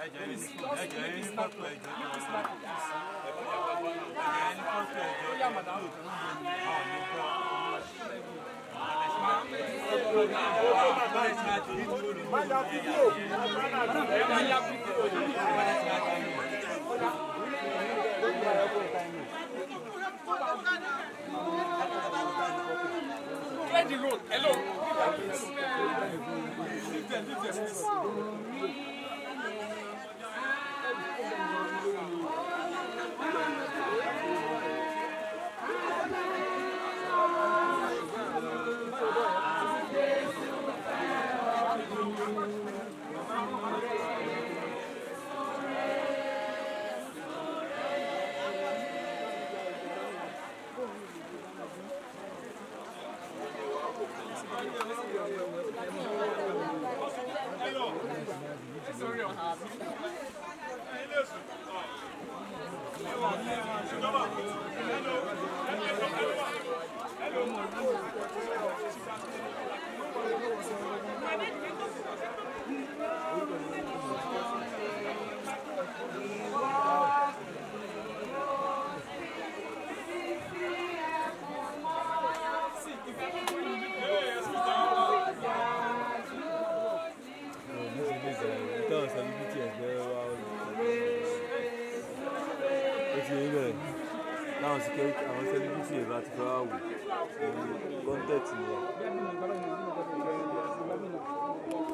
ẹjọ yìí ẹjọ yìí ní pọtù ẹjọ ẹjọ yìí ní pọtù ẹjọ ó yà màdà ó tó ń bẹ ọ ní pọ. Clear the road, hello. Hello. Hello. Hello. sẹlifítì ẹgbẹ́ wa ó ti yẹ bẹ́ẹ̀ láwọn sẹlifítì ẹ̀ bá ti fẹ́ wá wò kọ́ńtẹ̀tì eh, yẹn.